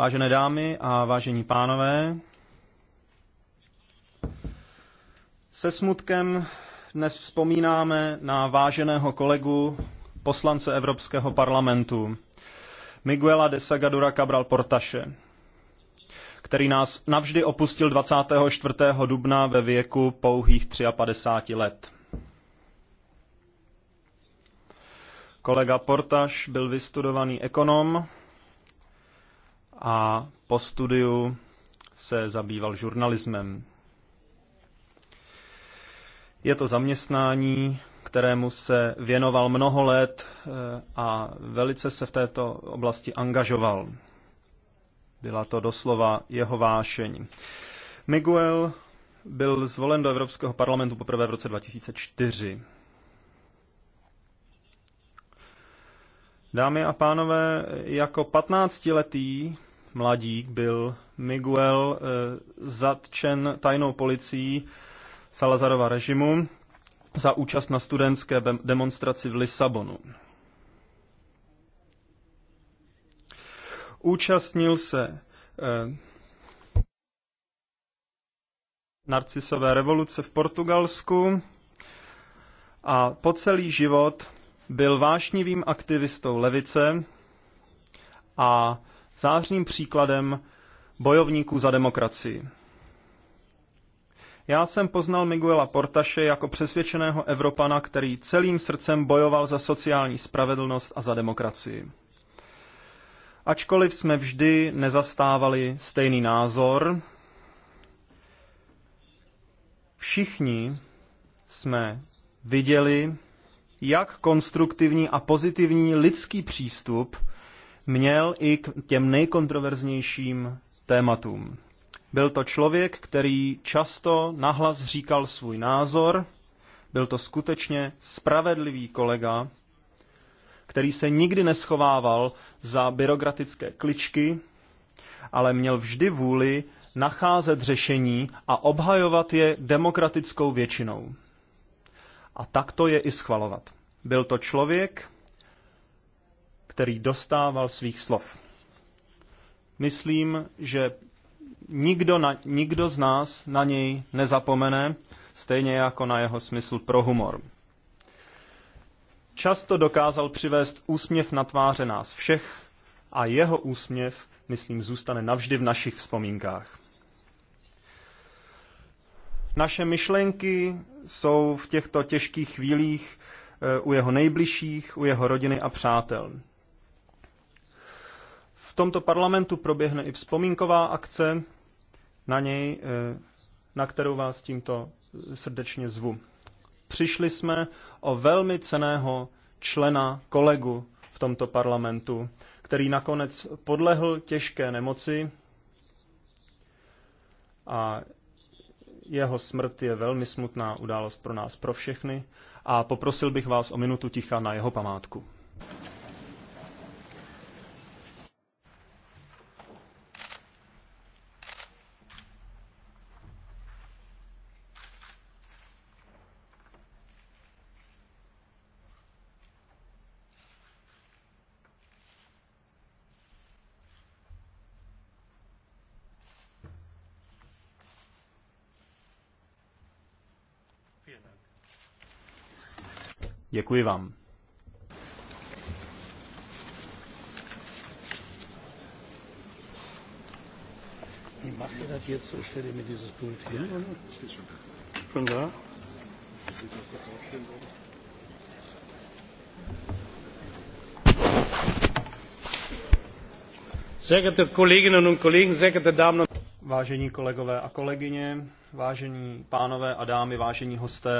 Vážené dámy a vážení pánové, se smutkem dnes vzpomínáme na váženého kolegu, poslance Evropského parlamentu, Miguela de Sagadura Cabral Portaše, který nás navždy opustil 24. dubna ve věku pouhých 53 let. Kolega Portaš byl vystudovaný ekonom, a po studiu se zabýval žurnalismem. Je to zaměstnání, kterému se věnoval mnoho let eh, a velice se v této oblasti angažoval. Byla to doslova jeho vášeň. Miguel byl zvolen do Evropského parlamentu poprvé v roce 2004. Dámy a pánové, jako 15 letý mladík byl Miguel eh, zatčen tajnou policií Salazarova režimu za účast na studentské demonstraci v Lisabonu. Účastnil se eh, narcisové revoluce v Portugalsku a po celý život byl vášnivým aktivistou levice a zářným příkladem bojovníků za demokracii. Já jsem poznal Miguela Portaše jako přesvědčeného Evropana, který celým srdcem bojoval za sociální spravedlnost a za demokracii. Ačkoliv jsme vždy nezastávali stejný názor, všichni jsme viděli, jak konstruktivní a pozitivní lidský přístup měl i k těm nejkontroverznějším tématům. Byl to člověk, který často nahlas říkal svůj názor, byl to skutečně spravedlivý kolega, který se nikdy neschovával za byrokratické kličky, ale měl vždy vůli nacházet řešení a obhajovat je demokratickou většinou. A tak to je i schvalovat. Byl to člověk, který dostával svých slov. Myslím, že nikdo, na, nikdo z nás na něj nezapomene, stejně jako na jeho smysl pro humor. Často dokázal přivést úsměv na tváře nás všech a jeho úsměv, myslím, zůstane navždy v našich vzpomínkách. Naše myšlenky jsou v těchto těžkých chvílích eh, u jeho nejbližších, u jeho rodiny a přátel tomto parlamentu proběhne i vzpomínková akce na něj, eh, na kterou vás tímto srdečně zvu. Přišli jsme o velmi ceného člena, kolegu v tomto parlamentu, který nakonec podlehl těžké nemoci a jeho smrt je velmi smutná událost pro nás, pro všechny a poprosil bych vás o minutu ticha na jeho památku. Děkuji vám. Wie macht ihr das jetzt? So stellt ihr mir dieses Pult hier, oder? Schon da? Sehr geehrte Kolleginnen und Kollegen, sehr geehrte Damen und Vážení kolegové a kolegyně, vážení pánové a dámy, vážení hosté